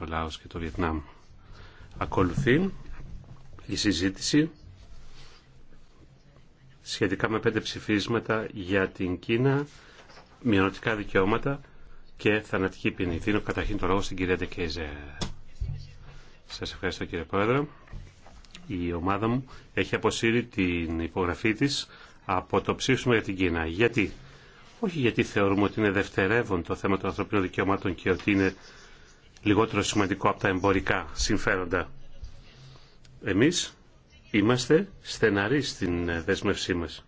το Λάος και το Βιετνάμ. Ακολουθεί η συζήτηση σχετικά με πέντε ψηφίσματα για την Κίνα, μειονοτικά δικαιώματα και θανατική ποινή. Δίνω καταρχήν το λόγο στην κυρία Ντεκέζε. Σας ευχαριστώ κύριε Πρόεδρε. Η ομάδα μου έχει αποσύρει την υπογραφή της από το ψήφισμα για την Κίνα. Γιατί? Όχι γιατί θεωρούμε ότι είναι δευτερεύον το θέμα των ανθρωπίνων δικαιωμάτων και ότι είναι λιγότερο σημαντικό από τα εμπορικά συμφέροντα. Εμείς είμαστε στεναροί στην ε, δέσμευσή μας.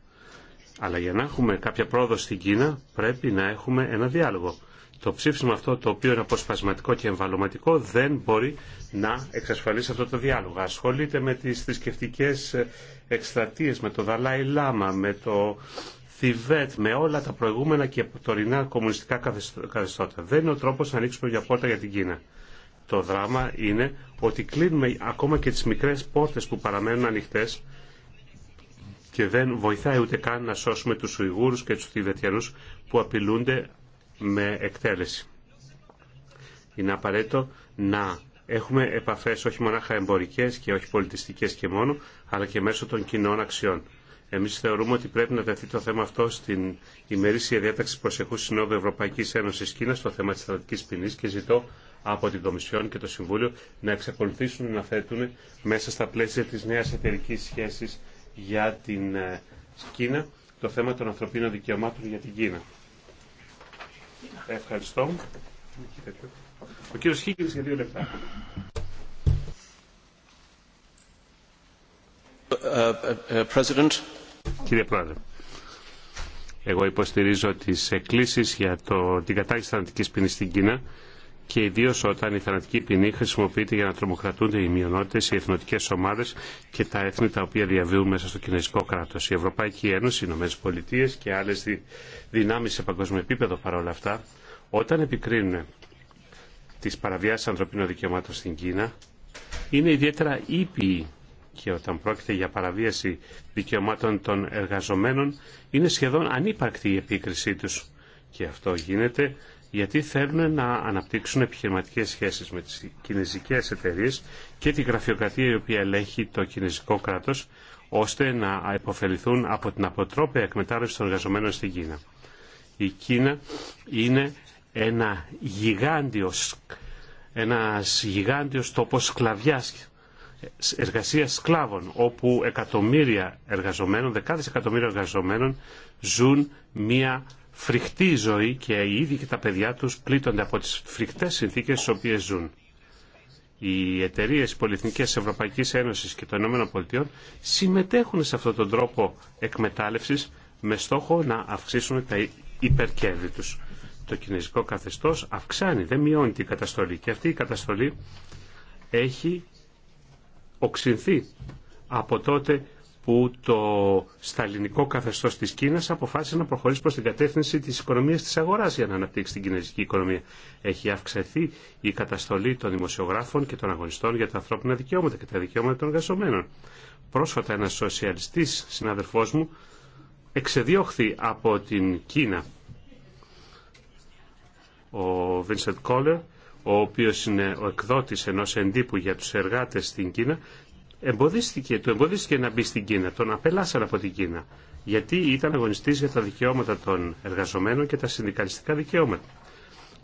Αλλά για να έχουμε κάποια πρόοδο στην Κίνα πρέπει να έχουμε ένα διάλογο. Το ψήφισμα αυτό το οποίο είναι αποσπασματικό και εμβαλωματικό δεν μπορεί να εξασφαλίσει αυτό το διάλογο. Ασχολείται με τις θρησκευτικέ ε, εκστρατείες, με το Δαλάι Λάμα, με το Θιβέτ με όλα τα προηγούμενα και τωρινά κομμουνιστικά καθεστώτα. Δεν είναι ο τρόπος να ανοίξουμε μια πόρτα για την Κίνα. Το δράμα είναι ότι κλείνουμε ακόμα και τις μικρές πόρτες που παραμένουν ανοιχτές και δεν βοηθάει ούτε καν να σώσουμε τους Ουιγούρους και τους Θιβετιανούς που απειλούνται με εκτέλεση. Είναι απαραίτητο να έχουμε επαφές όχι μονάχα εμπορικές και όχι πολιτιστικές και μόνο, αλλά και μέσω των κοινών αξιών. Εμείς θεωρούμε ότι πρέπει να τεθεί το θέμα αυτό στην ημερήσια διάταξη προσεχού Συνόδου Ευρωπαϊκής Ένωσης Κίνας, στο θέμα της στρατικής ποινή και ζητώ από την Κομισιόν και το Συμβούλιο να εξακολουθήσουν να θέτουν μέσα στα πλαίσια της νέας εταιρική σχέσης για την ε, Κίνα το θέμα των ανθρωπίνων δικαιωμάτων για την Κίνα. Ευχαριστώ. Ο κύριος Χίγκης για δύο λεπτά. Ε, ε, President. Κύριε Πρόεδρε, εγώ υποστηρίζω τις εκκλήσεις για το, την κατάργηση θανατικής ποινής στην Κίνα και ιδίω όταν η θανατική ποινή χρησιμοποιείται για να τρομοκρατούνται οι μειονότητε, οι εθνοτικέ ομάδε και τα έθνη τα οποία διαβίουν μέσα στο κινέζικο κράτο. Η Ευρωπαϊκή Ένωση, οι Πολιτείε και άλλε δυνάμει σε παγκόσμιο επίπεδο παρόλα αυτά, όταν επικρίνουν τι παραβιάσει ανθρωπίνων δικαιωμάτων στην Κίνα, είναι ιδιαίτερα ήπιοι και όταν πρόκειται για παραβίαση δικαιωμάτων των εργαζομένων είναι σχεδόν ανύπαρκτη η επίκρισή τους. Και αυτό γίνεται γιατί θέλουν να αναπτύξουν επιχειρηματικές σχέσεις με τις κινέζικες εταιρείες και τη γραφειοκρατία η οποία ελέγχει το κινέζικο κράτος ώστε να υποφεληθούν από την αποτρόπαια εκμετάλλευση των εργαζομένων στην Κίνα. Η Κίνα είναι ένα γιγάντιος, ένας γιγάντιος τόπος σκλαβιάς εργασία σκλάβων, όπου εκατομμύρια εργαζομένων, δεκάδες εκατομμύρια εργαζομένων ζουν μια φρικτή ζωή και οι ίδιοι και τα παιδιά τους πλήττονται από τις φρικτές συνθήκες στις οποίες ζουν. Οι εταιρείε πολυεθνικές Ευρωπαϊκής Ένωσης και των ΗΠΑ συμμετέχουν σε αυτόν τον τρόπο εκμετάλλευσης με στόχο να αυξήσουν τα υπερκέρδη τους. Το κινέζικο καθεστώς αυξάνει, δεν μειώνει την καταστολή και αυτή η καταστολή έχει οξυνθεί από τότε που το σταλινικό καθεστώς της Κίνας αποφάσισε να προχωρήσει προς την κατεύθυνση της οικονομίας της αγοράς για να αναπτύξει την κινέζικη οικονομία. Έχει αυξηθεί η καταστολή των δημοσιογράφων και των αγωνιστών για τα ανθρώπινα δικαιώματα και τα δικαιώματα των εργαζομένων. Πρόσφατα ένα σοσιαλιστής συναδελφός μου εξεδιώχθη από την Κίνα. Ο Βίνσεντ Κόλερ ο οποίος είναι ο εκδότης ενός εντύπου για τους εργάτες στην Κίνα, εμποδίστηκε, του εμποδίστηκε να μπει στην Κίνα, τον απελάσαν από την Κίνα, γιατί ήταν αγωνιστής για τα δικαιώματα των εργαζομένων και τα συνδικαλιστικά δικαιώματα.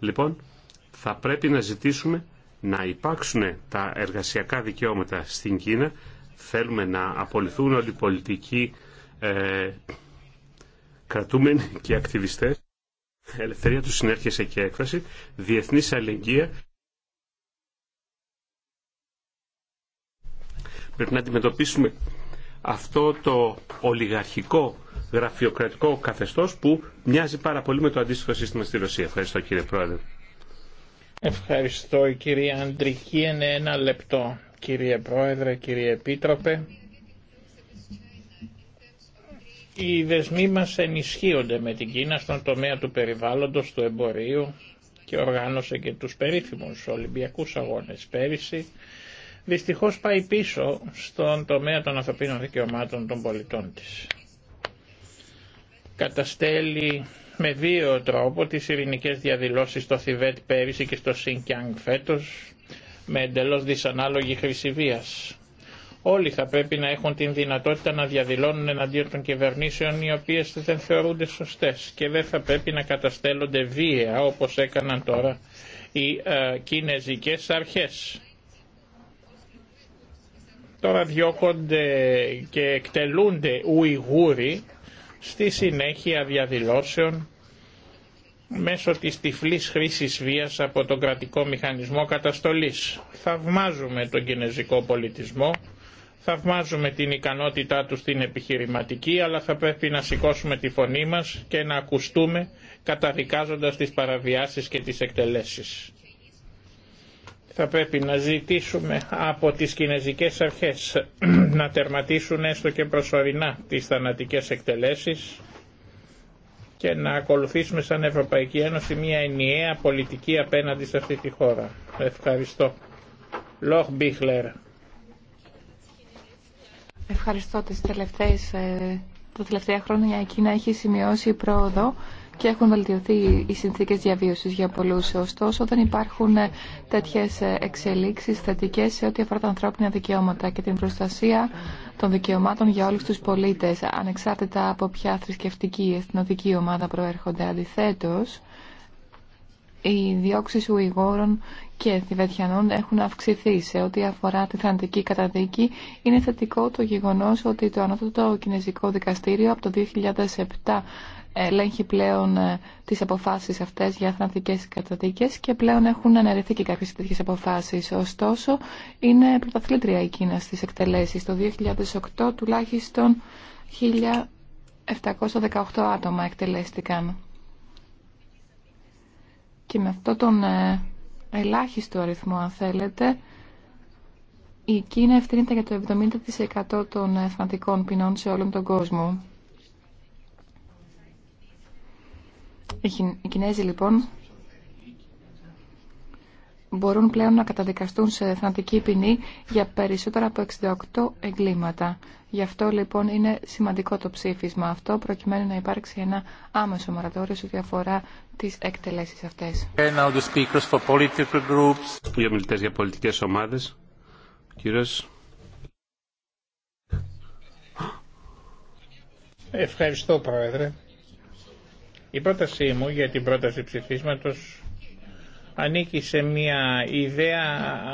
Λοιπόν, θα πρέπει να ζητήσουμε να υπάρξουν τα εργασιακά δικαιώματα στην Κίνα, θέλουμε να απολυθούν όλοι οι πολιτικοί ε, κρατούμενοι και ακτιβιστές ελευθερία του συνέρχεσαι και έκφραση, Διεθνή αλληλεγγύη. Πρέπει να αντιμετωπίσουμε αυτό το ολιγαρχικό γραφειοκρατικό καθεστώς που μοιάζει πάρα πολύ με το αντίστοιχο σύστημα στη Ρωσία. Ευχαριστώ κύριε Πρόεδρε. Ευχαριστώ κυρία Αντρική. Είναι ένα λεπτό. Κύριε Πρόεδρε, κύριε Επίτροπε. Οι δεσμοί μας ενισχύονται με την Κίνα στον τομέα του περιβάλλοντος, του εμπορίου και οργάνωσε και τους περίφημους Ολυμπιακούς Αγώνες πέρυσι. Δυστυχώς πάει πίσω στον τομέα των ανθρωπίνων δικαιωμάτων των πολιτών της. Καταστέλει με δύο τρόπο τις ειρηνικές διαδηλώσεις στο Θιβέτ πέρυσι και στο Σινκιάνγκ φέτος με εντελώς δυσανάλογη χρησιβίας. Όλοι θα πρέπει να έχουν την δυνατότητα να διαδηλώνουν εναντίον των κυβερνήσεων οι οποίες δεν θεωρούνται σωστές και δεν θα πρέπει να καταστέλλονται βία όπως έκαναν τώρα οι ε, κινέζικες αρχές. Τώρα διώχονται και εκτελούνται Ουιγούροι στη συνέχεια διαδηλώσεων μέσω της τυφλής χρήσης βίας από τον κρατικό μηχανισμό καταστολής. Θαυμάζουμε τον κινέζικο πολιτισμό Θαυμάζουμε την ικανότητά του στην επιχειρηματική, αλλά θα πρέπει να σηκώσουμε τη φωνή μας και να ακουστούμε καταδικάζοντας τις παραβιάσεις και τις εκτελέσεις. Θα πρέπει να ζητήσουμε από τις κινέζικες αρχές να τερματίσουν έστω και προσωρινά τις θανατικές εκτελέσεις και να ακολουθήσουμε σαν Ευρωπαϊκή Ένωση μια ενιαία πολιτική απέναντι σε αυτή τη χώρα. Ευχαριστώ. Λόχ Μπίχλερ. Ευχαριστώ τις τελευταίες, ε, τα τελευταία χρόνια η Κίνα έχει σημειώσει πρόοδο και έχουν βελτιωθεί οι συνθήκες διαβίωσης για πολλούς. Ωστόσο, δεν υπάρχουν ε, τέτοιες ε, εξελίξεις θετικές σε ό,τι αφορά τα ανθρώπινα δικαιώματα και την προστασία των δικαιωμάτων για όλους τους πολίτες, ανεξάρτητα από ποια θρησκευτική ή εθνοτική ομάδα προέρχονται. Αντιθέτως, οι διώξεις ουηγόρων και Θηβετιανών έχουν αυξηθεί σε ό,τι αφορά τη θανατική καταδίκη. Είναι θετικό το γεγονός ότι το Ανώτατο Κινέζικο Δικαστήριο από το 2007 ελέγχει πλέον ε, τις αποφάσεις αυτές για θανατικές καταδίκες και πλέον έχουν αναρρεθεί και κάποιες τέτοιες αποφάσεις. Ωστόσο, είναι πρωταθλήτρια η Κίνα στις εκτελέσεις. Το 2008 τουλάχιστον 1718 άτομα εκτελέστηκαν. Και με αυτό τον ε, ελάχιστο αριθμό, αν θέλετε, η Κίνα ευθύνεται για το 70% των εθνατικών ποινών σε όλον τον κόσμο. Οι Κινέζοι λοιπόν μπορούν πλέον να καταδικαστούν σε θανατική ποινή για περισσότερα από 68 εγκλήματα. Γι' αυτό λοιπόν είναι σημαντικό το ψήφισμα αυτό προκειμένου να υπάρξει ένα άμεσο μορατόριο σε ό,τι αφορά τις εκτελέσεις αυτές. μιλητές για πολιτικές ομάδες. Κύριος... Ευχαριστώ Πρόεδρε. Η πρότασή μου για την πρόταση ψηφίσματος ανήκει σε μια ιδέα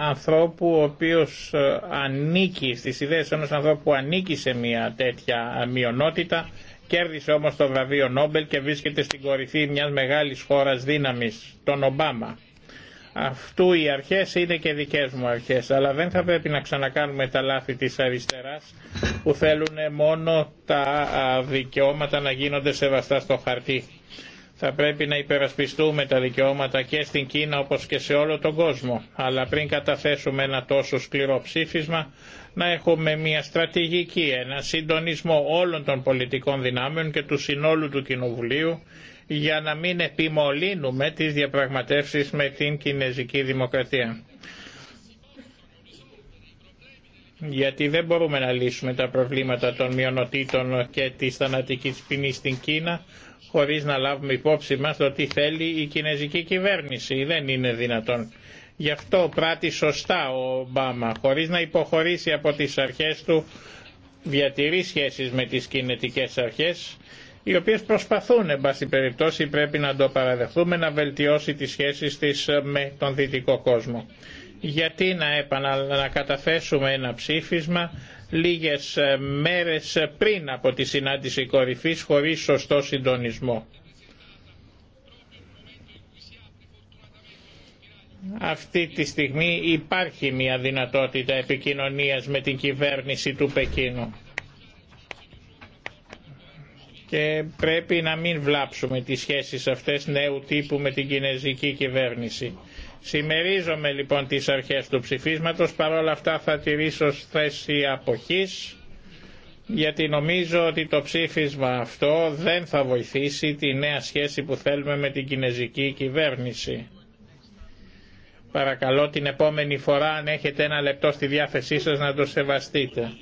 ανθρώπου ο οποίος ε, ανήκει στις ιδέες ενός ανθρώπου που ανήκει σε μια τέτοια μειονότητα κέρδισε όμως το βραβείο Νόμπελ και βρίσκεται στην κορυφή μιας μεγάλης χώρας δύναμης, τον Ομπάμα. Αυτού οι αρχές είναι και δικές μου αρχές, αλλά δεν θα πρέπει να ξανακάνουμε τα λάθη της αριστεράς που θέλουν μόνο τα δικαιώματα να γίνονται σεβαστά στο χαρτί. Θα πρέπει να υπερασπιστούμε τα δικαιώματα και στην Κίνα όπως και σε όλο τον κόσμο. Αλλά πριν καταθέσουμε ένα τόσο σκληρό ψήφισμα, να έχουμε μια στρατηγική, ένα συντονισμό όλων των πολιτικών δυνάμεων και του συνόλου του Κοινοβουλίου για να μην επιμολύνουμε τις διαπραγματεύσεις με την Κινέζικη Δημοκρατία. Γιατί δεν μπορούμε να λύσουμε τα προβλήματα των μειονοτήτων και της θανατικής ποινής στην Κίνα χωρίς να λάβουμε υπόψη μας το τι θέλει η κινέζικη κυβέρνηση. Δεν είναι δυνατόν. Γι' αυτό πράττει σωστά ο Ομπάμα, χωρίς να υποχωρήσει από τις αρχές του, διατηρεί σχέσεις με τις κινητικές αρχές, οι οποίες προσπαθούν, εν πάση περιπτώσει πρέπει να το παραδεχθούμε, να βελτιώσει τις σχέσεις της με τον δυτικό κόσμο. Γιατί να, να καταθέσουμε ένα ψήφισμα λίγες ε, μέρες πριν από τη συνάντηση κορυφής χωρίς σωστό συντονισμό. Αυτή τη στιγμή υπάρχει μια δυνατότητα επικοινωνίας με την κυβέρνηση του Πεκίνου και πρέπει να μην βλάψουμε τις σχέσεις αυτές νέου τύπου με την κινέζικη κυβέρνηση. Συμμερίζομαι λοιπόν τις αρχές του ψηφίσματος, παρόλα αυτά θα τηρήσω θέση αποχής, γιατί νομίζω ότι το ψήφισμα αυτό δεν θα βοηθήσει τη νέα σχέση που θέλουμε με την κινέζικη κυβέρνηση. Παρακαλώ την επόμενη φορά αν έχετε ένα λεπτό στη διάθεσή σας να το σεβαστείτε.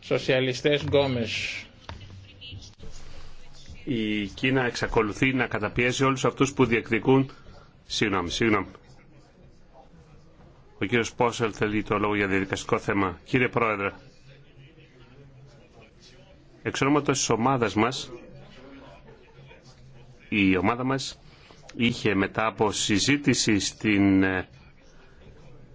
Σοσιαλιστές Γκόμες η Κίνα εξακολουθεί να καταπιέζει όλους αυτούς που διεκδικούν Συγγνώμη, συγγνώμη. Ο κύριος Πόσελ θέλει το λόγο για διαδικαστικό θέμα. Κύριε Πρόεδρε, εξ ονόματος της ομάδας μας, η ομάδα μας είχε μετά από συζήτηση στην ε,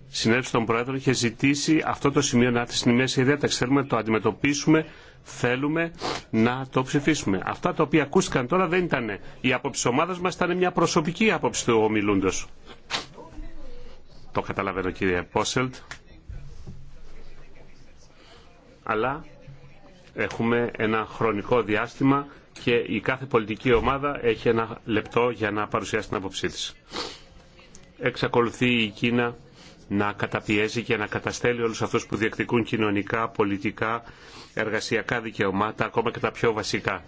συνέλευση των Προέδρων είχε ζητήσει αυτό το σημείο να έρθει στην μέση Ιδέα. Θέλουμε να το αντιμετωπίσουμε θέλουμε να το ψηφίσουμε. Αυτά τα οποία ακούστηκαν τώρα δεν ήταν η άποψη τη ομάδα μα, ήταν μια προσωπική άποψη του ομιλούντο. Το καταλαβαίνω κύριε Πόσελτ. Αλλά έχουμε ένα χρονικό διάστημα και η κάθε πολιτική ομάδα έχει ένα λεπτό για να παρουσιάσει την άποψή της. Εξακολουθεί η Κίνα να καταπιέζει και να καταστέλει όλους αυτούς που διεκδικούν κοινωνικά, πολιτικά, εργασιακά δικαιωμάτα, ακόμα και τα πιο βασικά.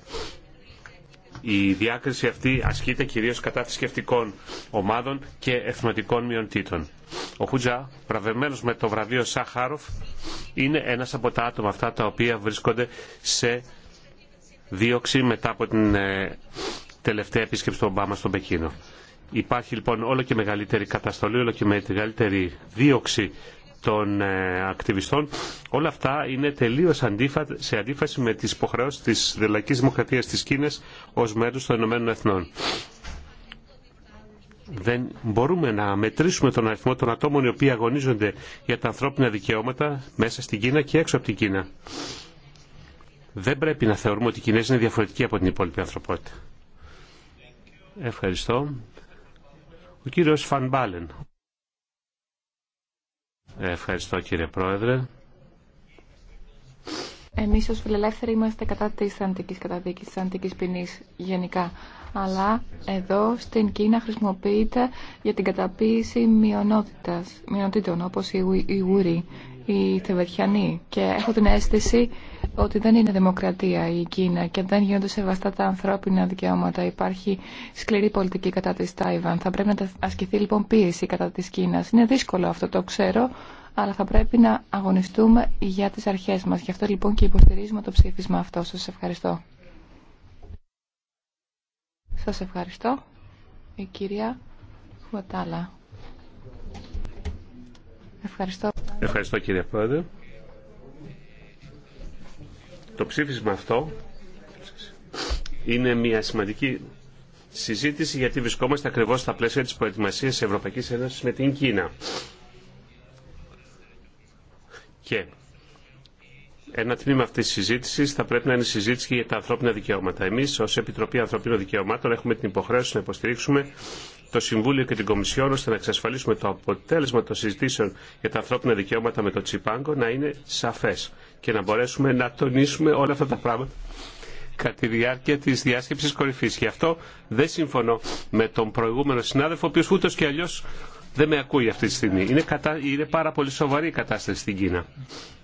Η διάκριση αυτή ασκείται κυρίως κατά θρησκευτικών ομάδων και εθνοτικών μειοντήτων. Ο Χούτζα, βραβευμένος με το βραβείο Σάχαροφ, είναι ένας από τα άτομα αυτά τα οποία βρίσκονται σε δίωξη μετά από την ε, τελευταία επίσκεψη του Ομπάμα στο Πεκίνο. Υπάρχει λοιπόν όλο και μεγαλύτερη καταστολή, όλο και μεγαλύτερη δίωξη των ε, ακτιβιστών. Όλα αυτά είναι τελείως σε αντίφαση με τις υποχρεώσεις της Δελακής Δημοκρατίας της Κίνας ως μέρους των Ηνωμένων Εθνών. Δεν μπορούμε να μετρήσουμε τον αριθμό των ατόμων οι οποίοι αγωνίζονται για τα ανθρώπινα δικαιώματα μέσα στην Κίνα και έξω από την Κίνα. Δεν πρέπει να θεωρούμε ότι οι Κινέζοι είναι διαφορετικοί από την υπόλοιπη ανθρωπότητα. Ευχαριστώ. Ο κύριος Φανμπάλεν. Ε, ευχαριστώ κύριε Πρόεδρε. Εμείς ως φιλελεύθεροι είμαστε κατά της αντικής καταδίκης, της αντικής ποινής γενικά. Αλλά εδώ στην Κίνα χρησιμοποιείται για την καταποίηση μειονότητας, μειονοτήτων όπως οι Ιγούροι οι Θεβετιανοί και έχω την αίσθηση ότι δεν είναι δημοκρατία η Κίνα και δεν γίνονται σεβαστά τα ανθρώπινα δικαιώματα. Υπάρχει σκληρή πολιτική κατά της Τάιβαν. Θα πρέπει να ασκηθεί λοιπόν πίεση κατά της Κίνας. Είναι δύσκολο αυτό, το ξέρω, αλλά θα πρέπει να αγωνιστούμε για τις αρχές μας. Γι' αυτό λοιπόν και υποστηρίζουμε το ψήφισμα αυτό. Σας ευχαριστώ. Σας ευχαριστώ. Η κυρία Χουατάλα. Ευχαριστώ. Ευχαριστώ κύριε Πρόεδρε. Το ψήφισμα αυτό είναι μια σημαντική συζήτηση γιατί βρισκόμαστε ακριβώς στα πλαίσια της προετοιμασίας της Ευρωπαϊκής Ένωσης με την Κίνα. Και ένα τμήμα αυτής της συζήτησης θα πρέπει να είναι συζήτηση και για τα ανθρώπινα δικαιώματα. Εμείς ως Επιτροπή Ανθρωπίνων Δικαιωμάτων έχουμε την υποχρέωση να υποστηρίξουμε το Συμβούλιο και την Κομισιόν ώστε να εξασφαλίσουμε το αποτέλεσμα των συζητήσεων για τα ανθρώπινα δικαιώματα με το Τσιπάνκο να είναι σαφέ και να μπορέσουμε να τονίσουμε όλα αυτά τα πράγματα κατά τη διάρκεια τη διάσκεψη κορυφή. Γι' αυτό δεν συμφωνώ με τον προηγούμενο συνάδελφο, ο οποίο ούτω και αλλιώ δεν με ακούει αυτή τη στιγμή. Είναι, κατά, είναι πάρα πολύ σοβαρή η κατάσταση στην Κίνα.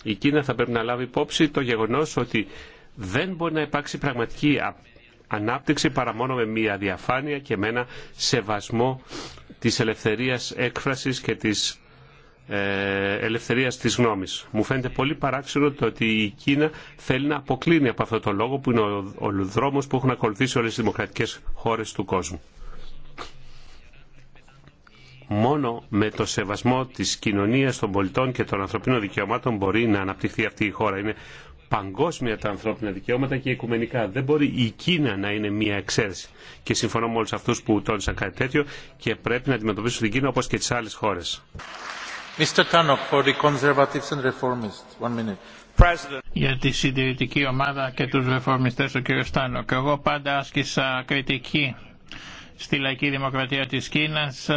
Η Κίνα θα πρέπει να λάβει υπόψη το γεγονό ότι δεν μπορεί να υπάρξει πραγματική ανάπτυξη παρά μόνο με μια διαφάνεια και με ένα σεβασμό της ελευθερίας έκφρασης και της ε, ελευθερίας της γνώμης. Μου φαίνεται πολύ παράξενο το ότι η Κίνα θέλει να αποκλίνει από αυτό το λόγο που είναι ο δρόμος που έχουν ακολουθήσει όλες οι δημοκρατικές χώρες του κόσμου. Μόνο με το σεβασμό της κοινωνίας των πολιτών και των ανθρωπίνων δικαιωμάτων μπορεί να αναπτυχθεί αυτή η χώρα παγκόσμια τα ανθρώπινα δικαιώματα και οικουμενικά. Δεν μπορεί η Κίνα να είναι μία εξαίρεση. Και συμφωνώ με όλου αυτού που τόνισαν κάτι τέτοιο και πρέπει να αντιμετωπίσουν την Κίνα όπω και τι άλλε χώρε. Για τη συντηρητική ομάδα και τους ρεφορμιστές ο κ. Στάνοκ. εγώ πάντα άσκησα κριτική στη λαϊκή δημοκρατία της Κίνας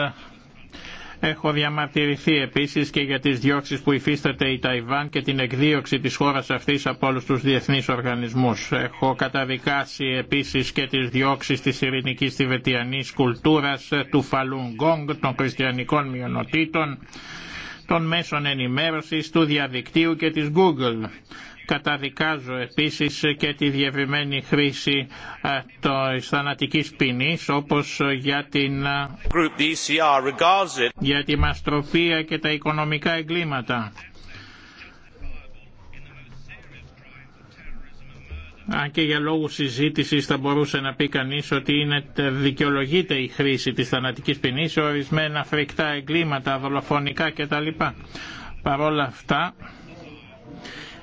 Έχω διαμαρτυρηθεί επίσης και για τις διώξεις που υφίσταται η Ταϊβάν και την εκδίωξη της χώρας αυτής από όλους τους διεθνείς οργανισμούς. Έχω καταδικάσει επίσης και τις διώξεις της ειρηνικής τιβετιανής κουλτούρας, του Φαλουνγκόγκ, των χριστιανικών μειονοτήτων, των μέσων ενημέρωσης, του διαδικτύου και της Google. Καταδικάζω επίσης και τη διευρυμένη χρήση ε, της θανατικής ποινής όπως για την ε, για τη μαστροφία και τα οικονομικά εγκλήματα. Αν και για λόγους συζήτησης θα μπορούσε να πει κανείς ότι είναι, δικαιολογείται η χρήση της θανατικής ποινής, ορισμένα φρικτά εγκλήματα, δολοφονικά κτλ. Παρ' όλα αυτά,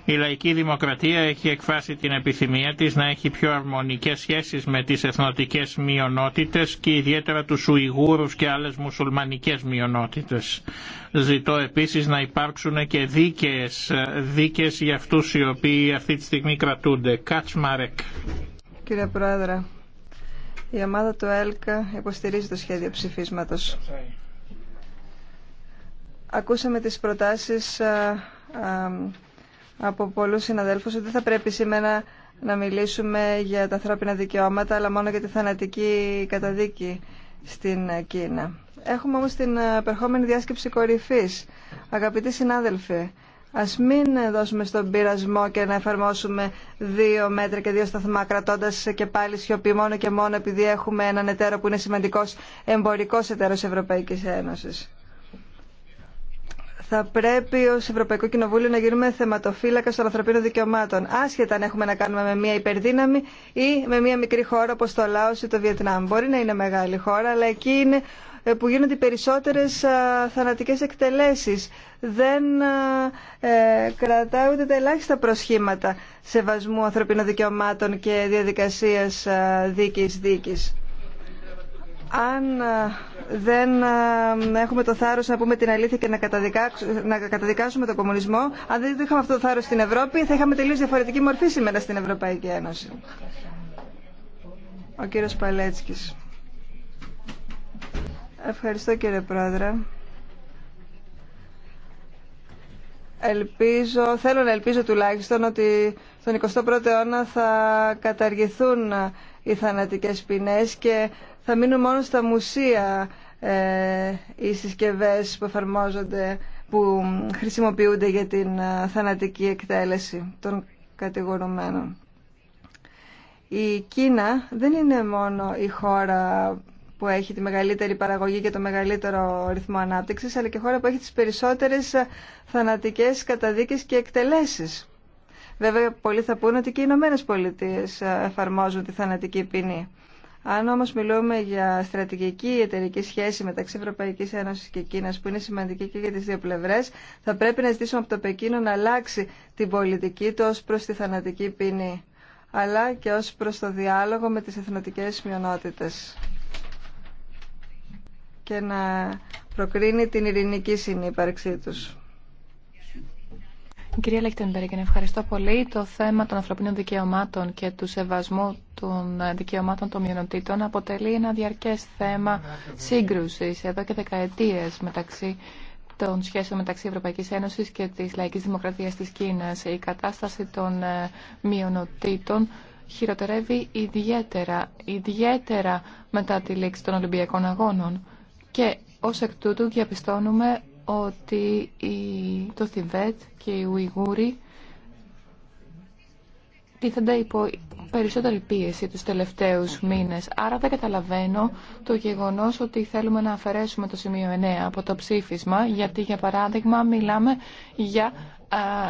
η λαϊκή δημοκρατία έχει εκφράσει την επιθυμία της να έχει πιο αρμονικές σχέσεις με τις εθνοτικές μειονότητες και ιδιαίτερα τους Ουιγούρους και άλλες μουσουλμανικές μειονότητες. Ζητώ επίσης να υπάρξουν και δίκες, δίκες για αυτούς οι οποίοι αυτή τη στιγμή κρατούνται. Κατσμαρεκ. Κύριε Πρόεδρε, η ομάδα του ΕΛΚΑ υποστηρίζει το σχέδιο ψηφίσματος. Ακούσαμε τις προτάσεις ε, ε, από πολλούς συναδέλφους ότι θα πρέπει σήμερα να μιλήσουμε για τα ανθρώπινα δικαιώματα αλλά μόνο για τη θανατική καταδίκη στην Κίνα. Έχουμε όμως την περχόμενη διάσκεψη κορυφής. Αγαπητοί συνάδελφοι, ας μην δώσουμε στον πειρασμό και να εφαρμόσουμε δύο μέτρα και δύο σταθμά κρατώντας και πάλι σιωπή μόνο και μόνο επειδή έχουμε έναν εταίρο που είναι σημαντικός εμπορικός εταίρος Ευρωπαϊκής Ένωσης. Θα πρέπει ω Ευρωπαϊκό Κοινοβούλιο να γίνουμε θεματοφύλακα των ανθρωπίνων δικαιωμάτων, άσχετα αν έχουμε να κάνουμε με μια υπερδύναμη ή με μια μικρή χώρα όπω το Λάο ή το Βιετνάμ. Μπορεί να είναι μεγάλη χώρα, αλλά εκεί είναι ε, που γίνονται οι περισσότερες θανατικές εκτελέσεις. Δεν ε, κρατάει ούτε τα ελάχιστα προσχήματα σεβασμού ανθρωπίνων δικαιωμάτων και διαδικασία δίκη δίκη αν ε, δεν ε, έχουμε το θάρρος να πούμε την αλήθεια και να καταδικάσουμε τον κομμουνισμό, αν δεν είχαμε αυτό το θάρρος στην Ευρώπη, θα είχαμε τελείω διαφορετική μορφή σήμερα στην Ευρωπαϊκή Ένωση. Ο κύριος Παλέτσκης. Ευχαριστώ κύριε Πρόεδρε. Ελπίζω, θέλω να ελπίζω τουλάχιστον ότι στον 21ο αιώνα θα καταργηθούν οι θανατικές ποινές και θα μείνουν μόνο στα μουσεία ε, οι συσκευές που εφαρμόζονται, που χρησιμοποιούνται για την ε, θανατική εκτέλεση των κατηγορουμένων. Η Κίνα δεν είναι μόνο η χώρα που έχει τη μεγαλύτερη παραγωγή και το μεγαλύτερο ρυθμό ανάπτυξης, αλλά και χώρα που έχει τις περισσότερες θανατικές καταδίκες και εκτελέσεις. Βέβαια, πολλοί θα πούνε ότι και οι Ηνωμένε Πολιτείε ε, εφαρμόζουν τη θανατική ποινή. Αν όμως μιλούμε για στρατηγική εταιρική σχέση μεταξύ Ευρωπαϊκή Ένωση και Κίνα, που είναι σημαντική και για τις δύο πλευρέ, θα πρέπει να ζητήσουμε από το Πεκίνο να αλλάξει την πολιτική του ω προς τη θανατική ποινή, αλλά και ω προς το διάλογο με τις εθνοτικές μειονότητε. και να προκρίνει την ειρηνική συνύπαρξή τους. Κυρία Λεχτενμπεργκεν, ευχαριστώ πολύ. Το θέμα των ανθρωπίνων δικαιωμάτων και του σεβασμού των δικαιωμάτων των μειονοτήτων αποτελεί ένα διαρκές θέμα σύγκρουση εδώ και δεκαετίες μεταξύ των σχέσεων μεταξύ Ευρωπαϊκή Ένωση και τη Λαϊκής Δημοκρατία τη Κίνα. Η κατάσταση των ε, μειονοτήτων χειροτερεύει ιδιαίτερα, ιδιαίτερα μετά τη λήξη των Ολυμπιακών Αγώνων. Και ω εκ τούτου διαπιστώνουμε ότι το Θιβέτ και οι Ουιγούροι τίθενται υπό περισσότερη πίεση τους τελευταίους μήνες. Άρα δεν καταλαβαίνω το γεγονός ότι θέλουμε να αφαιρέσουμε το σημείο 9 από το ψήφισμα, γιατί για παράδειγμα μιλάμε για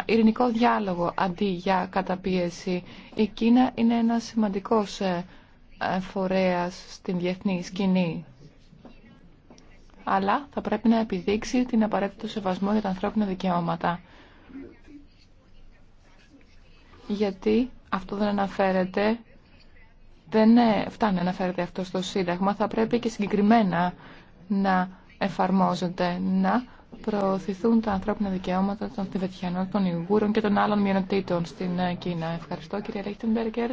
ειρηνικό διάλογο αντί για καταπίεση. Η Κίνα είναι ένας σημαντικός ε, φορέας στην διεθνή σκηνή αλλά θα πρέπει να επιδείξει την απαραίτητο σεβασμό για τα ανθρώπινα δικαιώματα. Γιατί αυτό δεν αναφέρεται, δεν φτάνει ε, να αναφέρεται αυτό στο Σύνταγμα, θα πρέπει και συγκεκριμένα να εφαρμόζονται, να προωθηθούν τα ανθρώπινα δικαιώματα των Θηβετιανών, των Ιγούρων και των άλλων μειονοτήτων στην ε, Κίνα. Ευχαριστώ κύριε Λέχτενμπεργκερ.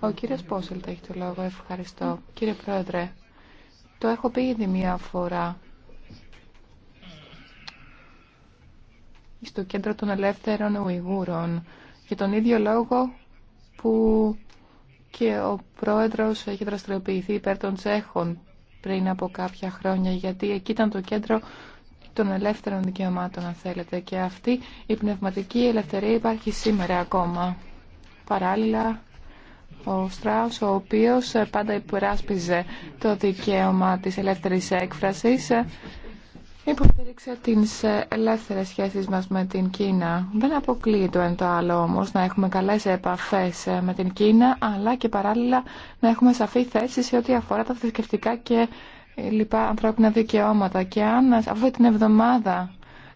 Ο κύριος Πόσελτ έχει το λόγο. Ευχαριστώ. Κύριε Πρόεδρε. Το έχω πει ήδη μία φορά. Στο κέντρο των ελεύθερων Ουιγούρων. Για τον ίδιο λόγο που και ο πρόεδρος έχει δραστηριοποιηθεί υπέρ των Τσέχων πριν από κάποια χρόνια, γιατί εκεί ήταν το κέντρο των ελεύθερων δικαιωμάτων, αν θέλετε. Και αυτή η πνευματική ελευθερία υπάρχει σήμερα ακόμα. Παράλληλα, ο Στράους, ο οποίος ε, πάντα υπεράσπιζε το δικαίωμα της ελεύθερης έκφρασης, ε, υποστήριξε τις ε, ελεύθερες σχέσεις μας με την Κίνα. Δεν αποκλείει το εν το άλλο όμως να έχουμε καλές επαφές με την Κίνα, αλλά και παράλληλα να έχουμε σαφή θέση σε ό,τι αφορά τα θρησκευτικά και λοιπά ανθρώπινα δικαιώματα. Και αν αυτή την εβδομάδα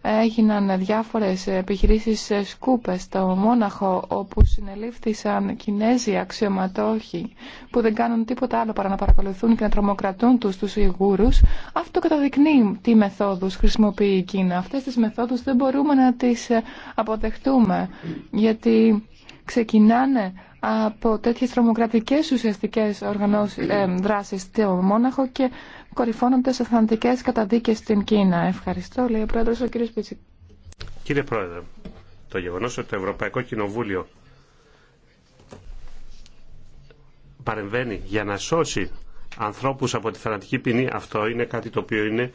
έγιναν διάφορες επιχειρήσεις σκούπες στο Μόναχο όπου συνελήφθησαν Κινέζοι αξιωματόχοι που δεν κάνουν τίποτα άλλο παρά να παρακολουθούν και να τρομοκρατούν τους τους Ιγούρους αυτό καταδεικνύει τι μεθόδους χρησιμοποιεί η Κίνα. Αυτές τις μεθόδους δεν μπορούμε να τις ε, αποδεχτούμε γιατί ξεκινάνε από τέτοιες τρομοκρατικές ουσιαστικές οργανώσεις, ε, δράσεις στο Μόναχο και κορυφώνονται σε θανατικέ καταδίκες στην Κίνα. Ευχαριστώ, λέει ο Πρόεδρος, ο κύριος Πίτσι. Κύριε Πρόεδρε, το γεγονό ότι το Ευρωπαϊκό Κοινοβούλιο παρεμβαίνει για να σώσει ανθρώπους από τη θανατική ποινή, αυτό είναι κάτι το οποίο είναι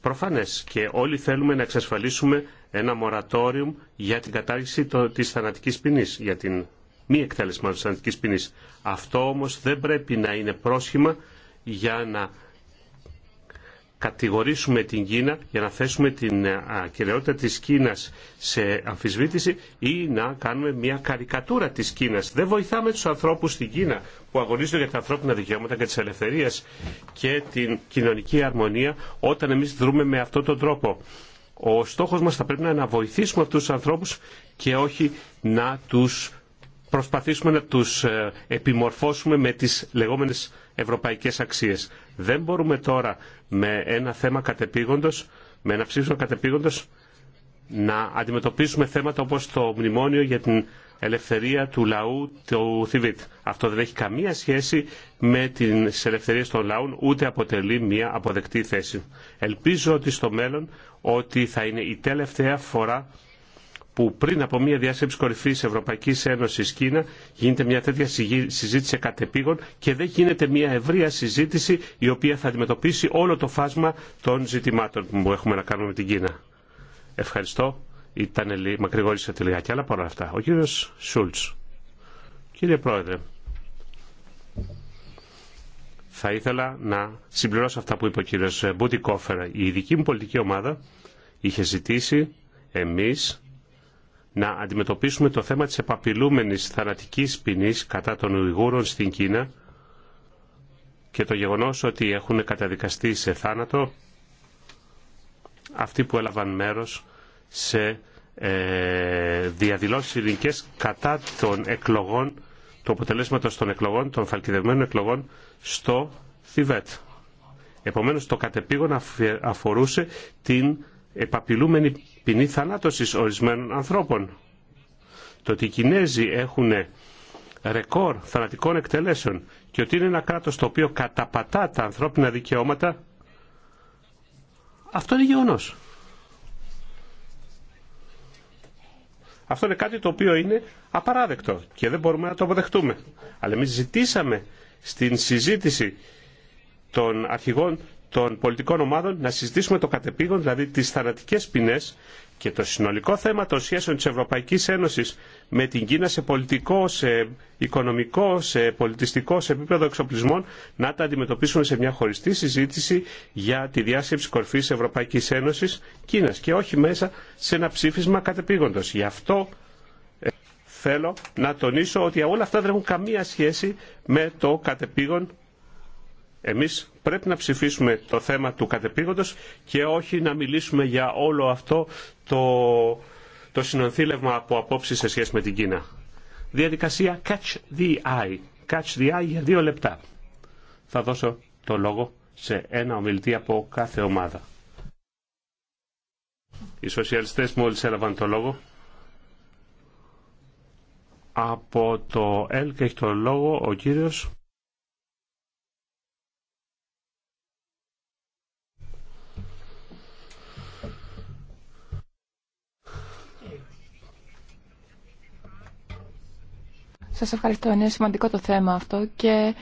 προφανές και όλοι θέλουμε να εξασφαλίσουμε ένα μορατόριο για την κατάργηση της θανατικής ποινής, για την μη εκτέλεσμα της θανατικής ποινής. Αυτό όμως δεν πρέπει να είναι πρόσχημα για να κατηγορήσουμε την Κίνα για να θέσουμε την ε, ακεραιότητα της Κίνας σε αμφισβήτηση ή να κάνουμε μια καρικατούρα της Κίνας. Δεν βοηθάμε τους ανθρώπους στην Κίνα που αγωνίζονται για τα ανθρώπινα δικαιώματα και τις ελευθερίες και την κοινωνική αρμονία όταν εμείς δρούμε με αυτόν τον τρόπο. Ο στόχος μας θα πρέπει να είναι να βοηθήσουμε αυτούς τους ανθρώπους και όχι να τους προσπαθήσουμε να τους ε, επιμορφώσουμε με τις λεγόμενες ευρωπαϊκές αξίες. Δεν μπορούμε τώρα με ένα θέμα κατεπήγοντος, με ένα ψήφισμα κατεπήγοντος, να αντιμετωπίσουμε θέματα όπως το μνημόνιο για την ελευθερία του λαού του Θιβίτ. Αυτό δεν έχει καμία σχέση με τις ελευθερίες των λαών, ούτε αποτελεί μια αποδεκτή θέση. Ελπίζω ότι στο μέλλον ότι θα είναι η τελευταία φορά που πριν από μια διάσκεψη κορυφή Ευρωπαϊκή Ένωση Κίνα γίνεται μια τέτοια συζήτηση κατεπήγων και δεν γίνεται μια ευρεία συζήτηση η οποία θα αντιμετωπίσει όλο το φάσμα των ζητημάτων που έχουμε να κάνουμε με την Κίνα. Ευχαριστώ. Ήταν μακρηγόρησε τελικά και άλλα πολλά αυτά. Ο κύριο Σούλτ. Κύριε Πρόεδρε, θα ήθελα να συμπληρώσω αυτά που είπε ο κύριο Μπούτι Κόφερα. Η ειδική μου πολιτική ομάδα είχε ζητήσει εμείς να αντιμετωπίσουμε το θέμα της επαπειλούμενης θανατικής ποινή κατά των Ουιγούρων στην Κίνα και το γεγονός ότι έχουν καταδικαστεί σε θάνατο αυτοί που έλαβαν μέρος σε ε, διαδηλώσεις ειρηνικές κατά των εκλογών, του αποτελέσματος των εκλογών, των φαλκιδευμένων εκλογών στο Θιβέτ. Επομένως το κατεπήγον αφορούσε την επαπειλούμενη ποινή θανάτωσης ορισμένων ανθρώπων. Το ότι οι Κινέζοι έχουν ρεκόρ θανατικών εκτελέσεων και ότι είναι ένα κράτος το οποίο καταπατά τα ανθρώπινα δικαιώματα, αυτό είναι γεγονός. Αυτό είναι κάτι το οποίο είναι απαράδεκτο και δεν μπορούμε να το αποδεχτούμε. Αλλά εμεί ζητήσαμε στην συζήτηση των αρχηγών των πολιτικών ομάδων να συζητήσουμε το κατεπήγον, δηλαδή τις θανατικές ποινές και το συνολικό θέμα των σχέσεων της Ευρωπαϊκής Ένωσης με την Κίνα σε πολιτικό, σε οικονομικό, σε πολιτιστικό, σε επίπεδο εξοπλισμών να τα αντιμετωπίσουμε σε μια χωριστή συζήτηση για τη διάσκεψη κορφής Ευρωπαϊκής Ένωσης Κίνας και όχι μέσα σε ένα ψήφισμα κατεπήγοντος. Γι' αυτό ε, θέλω να τονίσω ότι όλα αυτά δεν έχουν καμία σχέση με το κατεπήγον εμείς πρέπει να ψηφίσουμε το θέμα του κατεπήγοντος και όχι να μιλήσουμε για όλο αυτό το, το συνονθήλευμα από απόψη σε σχέση με την Κίνα. Διαδικασία catch the eye. Catch the eye για δύο λεπτά. Θα δώσω το λόγο σε ένα ομιλητή από κάθε ομάδα. Οι σοσιαλιστές μόλις έλαβαν το λόγο. Από το και έχει το λόγο ο κύριος Σας ευχαριστώ. Είναι σημαντικό το θέμα αυτό και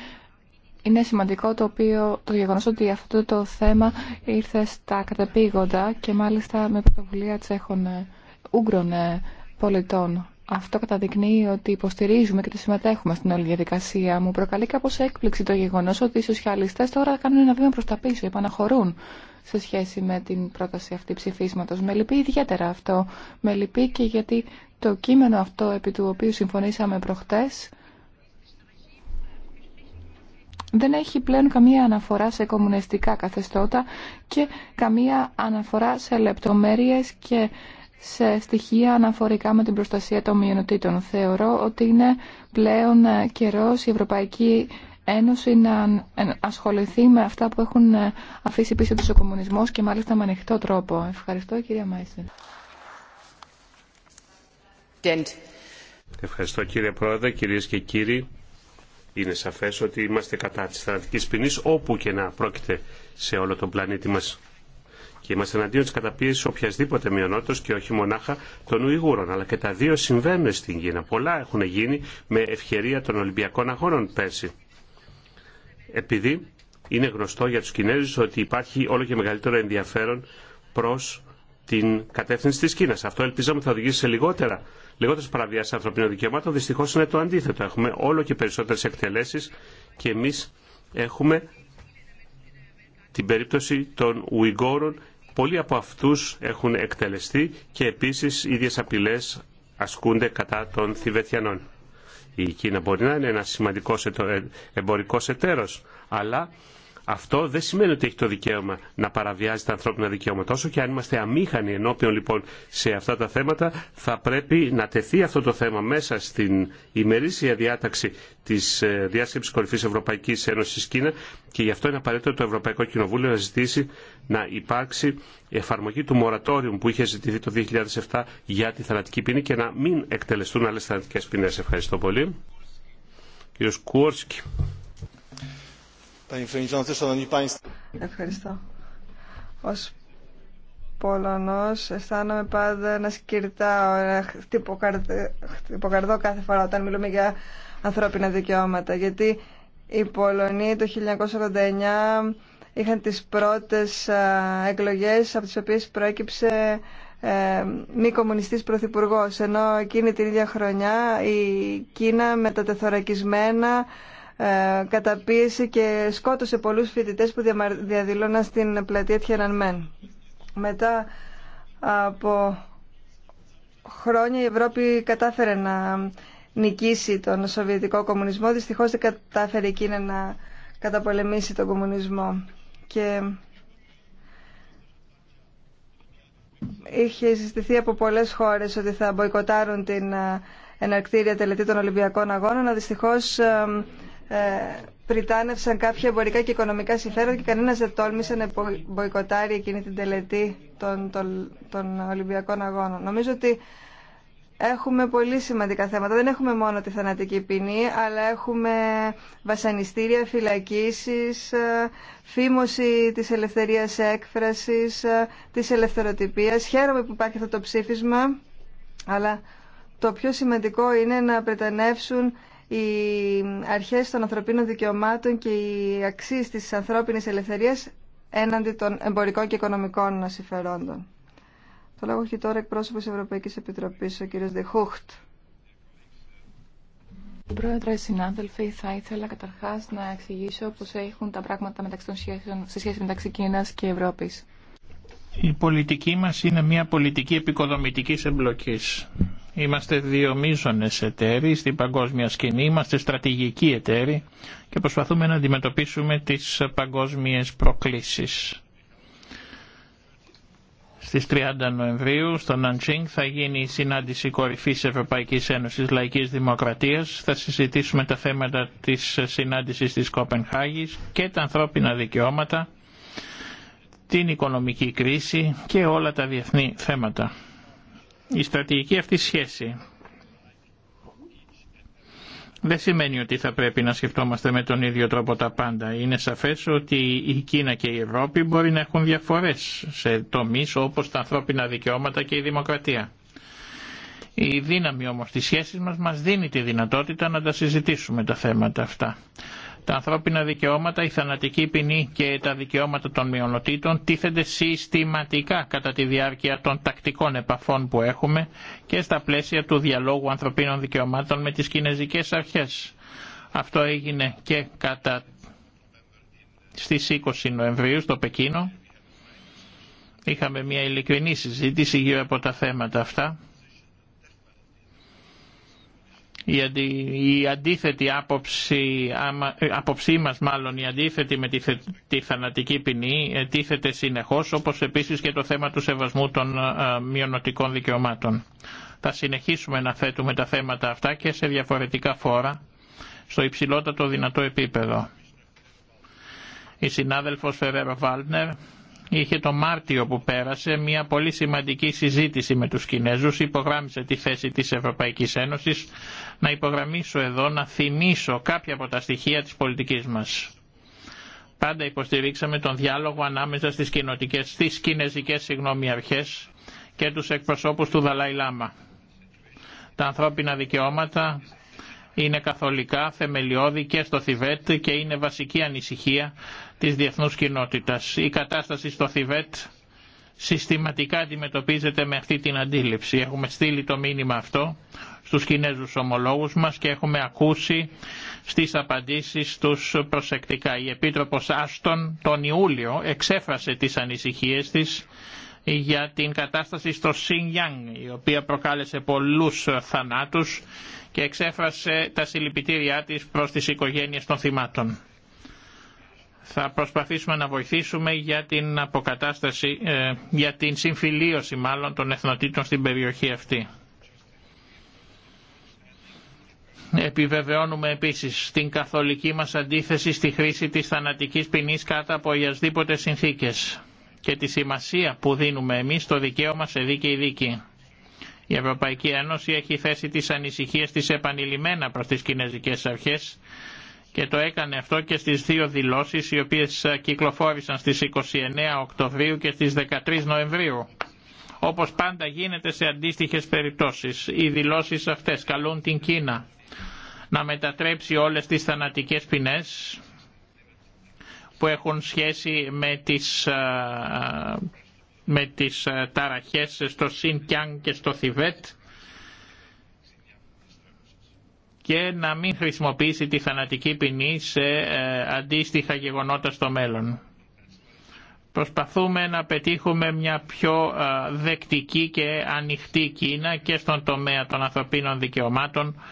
είναι σημαντικό το, οποίο, το γεγονός ότι αυτό το θέμα ήρθε στα κατεπήγοντα και μάλιστα με πρωτοβουλία τσέχων ε, Ούγγρων ε, πολιτών. Αυτό καταδεικνύει ότι υποστηρίζουμε και το συμμετέχουμε στην όλη διαδικασία. Μου προκαλεί κάπω έκπληξη το γεγονό ότι οι σοσιαλιστέ τώρα κάνουν ένα βήμα προ τα πίσω, επαναχωρούν σε σχέση με την πρόταση αυτή ψηφίσματο. Με λυπεί ιδιαίτερα αυτό. Με λυπεί και γιατί το κείμενο αυτό επί του οποίου συμφωνήσαμε προχτές δεν έχει πλέον καμία αναφορά σε κομμουνιστικά καθεστώτα και καμία αναφορά σε λεπτομέρειες και σε στοιχεία αναφορικά με την προστασία των μειονοτήτων. Θεωρώ ότι είναι πλέον καιρός η Ευρωπαϊκή Ένωση να ασχοληθεί με αυτά που έχουν αφήσει πίσω τους ο κομμουνισμός και μάλιστα με ανοιχτό τρόπο. Ευχαριστώ κυρία Μάιστερ. Ευχαριστώ κύριε Πρόεδρε, κυρίες και κύριοι. Είναι σαφές ότι είμαστε κατά της θανατικής ποινής όπου και να πρόκειται σε όλο τον πλανήτη μας. Και είμαστε εναντίον τη καταπίεση οποιασδήποτε μειονότητας και όχι μονάχα των Ουιγούρων. Αλλά και τα δύο συμβαίνουν στην Κίνα. Πολλά έχουν γίνει με ευκαιρία των Ολυμπιακών Αγώνων πέρσι. Επειδή είναι γνωστό για τους Κινέζους ότι υπάρχει όλο και μεγαλύτερο ενδιαφέρον προς την κατεύθυνση τη Κίνα. Αυτό ελπίζαμε θα οδηγήσει σε λιγότερα, λιγότερες παραβιάσεις ανθρωπίνων δικαιωμάτων. Δυστυχώ είναι το αντίθετο. Έχουμε όλο και περισσότερε εκτελέσεις και εμείς έχουμε την περίπτωση των Ουιγόρων. Πολλοί από αυτούς έχουν εκτελεστεί και επίσης ίδιες απειλέ ασκούνται κατά των Θηβετιανών. Η Κίνα μπορεί να είναι ένα σημαντικό ε, εμπορικό εταίρο, αλλά αυτό δεν σημαίνει ότι έχει το δικαίωμα να παραβιάζει τα ανθρώπινα δικαιώματα. Όσο και αν είμαστε αμήχανοι ενώπιον λοιπόν σε αυτά τα θέματα, θα πρέπει να τεθεί αυτό το θέμα μέσα στην ημερήσια διάταξη τη ε, διάσκεψη κορυφή Ευρωπαϊκή Ένωση Κίνα και γι' αυτό είναι απαραίτητο το Ευρωπαϊκό Κοινοβούλιο να ζητήσει να υπάρξει εφαρμογή του μορατόριου που είχε ζητηθεί το 2007 για τη θανατική ποινή και να μην εκτελεστούν άλλε θανατικέ ποινέ. Ευχαριστώ πολύ. Κύριος Ευχαριστώ. Ως Πολωνός αισθάνομαι πάντα να σκυρτάω, να χτυποκαρδώ κάθε φορά όταν μιλούμε για ανθρώπινα δικαιώματα. Γιατί οι Πολωνοί το 1989 είχαν τις πρώτες εκλογές από τις οποίες προέκυψε ε, μη κομμουνιστής πρωθυπουργός. Ενώ εκείνη την ίδια χρονιά η Κίνα με τα τεθωρακισμένα ε, καταπίεσε και σκότωσε πολλούς φοιτητές που διαδηλώναν στην πλατεία Μεν. Μετά από χρόνια η Ευρώπη κατάφερε να νικήσει τον Σοβιετικό κομμουνισμό. Δυστυχώς δεν κατάφερε εκείνα να καταπολεμήσει τον κομμουνισμό. Και είχε συστηθεί από πολλές χώρες ότι θα μποϊκοτάρουν την ε, εναρκτήρια τελετή των Ολυμπιακών Αγώνων. Δυστυχώς ε, ε, πριτάνευσαν κάποια εμπορικά και οικονομικά συμφέροντα και κανένας δεν τόλμησε να μποϊκοτάρει εκείνη την τελετή των, των, των Ολυμπιακών Αγώνων. Νομίζω ότι έχουμε πολύ σημαντικά θέματα. Δεν έχουμε μόνο τη θανατική ποινή, αλλά έχουμε βασανιστήρια, φυλακίσεις, ε, φήμωση της ελευθερίας έκφρασης, ε, της ελευθεροτυπίας. Χαίρομαι που υπάρχει αυτό το ψήφισμα, αλλά το πιο σημαντικό είναι να πρετανεύσουν οι αρχές των ανθρωπίνων δικαιωμάτων και οι αξίες της ανθρώπινης ελευθερίας έναντι των εμπορικών και οικονομικών συμφερόντων. Το λόγο έχει τώρα εκπρόσωπο τη Ευρωπαϊκή Επιτροπή, ο κ. Δεχούχτ. Πρόεδρε, συνάδελφοι, θα ήθελα καταρχά να εξηγήσω πώ έχουν τα πράγματα μεταξύ των σχέσεων, σε σχέση μεταξύ Κίνα και Ευρώπη. Η πολιτική μα είναι μια πολιτική επικοδομητική εμπλοκή. Είμαστε δύο μείζονες εταίροι στην παγκόσμια σκηνή, είμαστε στρατηγικοί εταίροι και προσπαθούμε να αντιμετωπίσουμε τις παγκόσμιες προκλήσεις. Στις 30 Νοεμβρίου στο Ναντζίνγκ θα γίνει η συνάντηση κορυφής Ευρωπαϊκής Ένωσης Λαϊκής Δημοκρατίας. Θα συζητήσουμε τα θέματα της συνάντησης της Κοπενχάγης και τα ανθρώπινα δικαιώματα, την οικονομική κρίση και όλα τα διεθνή θέματα. Η στρατηγική αυτή σχέση δεν σημαίνει ότι θα πρέπει να σκεφτόμαστε με τον ίδιο τρόπο τα πάντα. Είναι σαφές ότι η Κίνα και η Ευρώπη μπορεί να έχουν διαφορές σε τομείς όπως τα ανθρώπινα δικαιώματα και η δημοκρατία. Η δύναμη όμως της σχέσης μας μας δίνει τη δυνατότητα να τα συζητήσουμε τα θέματα αυτά. Τα ανθρώπινα δικαιώματα, η θανατική ποινή και τα δικαιώματα των μειονοτήτων τίθενται συστηματικά κατά τη διάρκεια των τακτικών επαφών που έχουμε και στα πλαίσια του διαλόγου ανθρωπίνων δικαιωμάτων με τις κινέζικες αρχές. Αυτό έγινε και κατά στις 20 Νοεμβρίου στο Πεκίνο. Είχαμε μια ειλικρινή συζήτηση γύρω από τα θέματα αυτά η, η αντίθετη άποψη, ε, άποψή μας μάλλον, η αντίθετη με τη, τη θανατική ποινή ε, τίθεται συνεχώς, όπως επίσης και το θέμα του σεβασμού των μειωνοτικών ε, μειονοτικών δικαιωμάτων. Θα συνεχίσουμε να θέτουμε τα θέματα αυτά και σε διαφορετικά φόρα, στο υψηλότατο δυνατό επίπεδο. Η συνάδελφος Φερέρα Βάλνερ είχε το Μάρτιο που πέρασε μια πολύ σημαντική συζήτηση με τους Κινέζους, υπογράμμισε τη θέση της Ευρωπαϊκής Ένωσης, να υπογραμμίσω εδώ, να θυμίσω κάποια από τα στοιχεία της πολιτικής μας. Πάντα υποστηρίξαμε τον διάλογο ανάμεσα στις, κοινοτικές, στις κινέζικες συγγνώμη, αρχές και τους εκπροσώπους του Δαλάη Λάμα. Τα ανθρώπινα δικαιώματα, είναι καθολικά θεμελιώδη και στο Θιβέτ και είναι βασική ανησυχία της διεθνούς κοινότητας. Η κατάσταση στο Θιβέτ συστηματικά αντιμετωπίζεται με αυτή την αντίληψη. Έχουμε στείλει το μήνυμα αυτό στους Κινέζους ομολόγους μας και έχουμε ακούσει στις απαντήσεις τους προσεκτικά. Η Επίτροπος Άστον τον Ιούλιο εξέφρασε τις ανησυχίες της για την κατάσταση στο Σινγιάνγκ, η οποία προκάλεσε πολλούς θανάτους και εξέφρασε τα συλληπιτήριά της προς τις οικογένειες των θυμάτων. Θα προσπαθήσουμε να βοηθήσουμε για την αποκατάσταση, ε, για την συμφιλίωση μάλλον των εθνοτήτων στην περιοχή αυτή. Επιβεβαιώνουμε επίσης την καθολική μας αντίθεση στη χρήση της θανατικής ποινής κάτω από οιασδήποτε συνθήκες και τη σημασία που δίνουμε εμείς στο δικαίωμα σε δίκαιη δίκη. Η Ευρωπαϊκή Ένωση έχει θέσει τις ανησυχίες της επανειλημμένα προς τις κινέζικες αρχές και το έκανε αυτό και στις δύο δηλώσεις οι οποίες κυκλοφόρησαν στις 29 Οκτωβρίου και στις 13 Νοεμβρίου. Όπως πάντα γίνεται σε αντίστοιχες περιπτώσεις, οι δηλώσεις αυτές καλούν την Κίνα να μετατρέψει όλες τις θανατικές ποινές που έχουν σχέση με τις με τις ε, ταραχές στο Σινκιάν και στο Θιβέτ και να μην χρησιμοποιήσει τη θανατική ποινή σε ε, αντίστοιχα γεγονότα στο μέλλον. Προσπαθούμε να πετύχουμε μια πιο ε, δεκτική και ανοιχτή Κίνα και στον τομέα των ανθρωπίνων δικαιωμάτων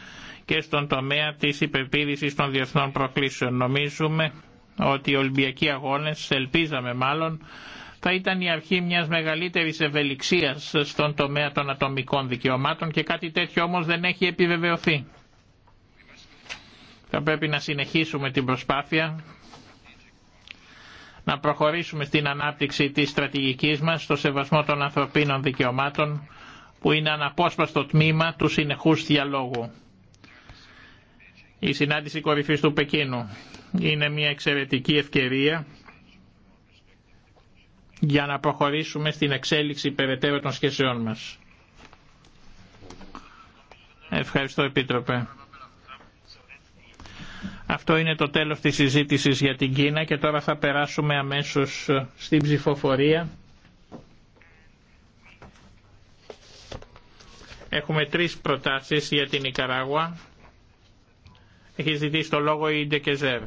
και στον τομέα της υπεπίδησης των διεθνών προκλήσεων. Νομίζουμε ότι οι Ολυμπιακοί αγώνες, ελπίζαμε μάλλον, θα ήταν η αρχή μιας μεγαλύτερης ευελιξίας στον τομέα των ατομικών δικαιωμάτων και κάτι τέτοιο όμως δεν έχει επιβεβαιωθεί. Θα πρέπει να συνεχίσουμε την προσπάθεια να προχωρήσουμε στην ανάπτυξη της στρατηγικής μας στο σεβασμό των ανθρωπίνων δικαιωμάτων που είναι αναπόσπαστο τμήμα του συνεχούς διαλόγου. Η συνάντηση κορυφής του Πεκίνου είναι μια εξαιρετική ευκαιρία για να προχωρήσουμε στην εξέλιξη περαιτέρω των σχέσεών μας. Ευχαριστώ Επίτροπε. Αυτό είναι το τέλος της συζήτησης για την Κίνα και τώρα θα περάσουμε αμέσως στην ψηφοφορία. Έχουμε τρεις προτάσεις για την Ικαράγουα. Έχει ζητήσει το λόγο η Ντεκεζέρ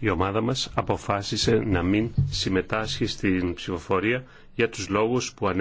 η ομάδα μας αποφάσισε να μην συμμετάσχει στην ψηφοφορία για τους λόγους που ανέφερε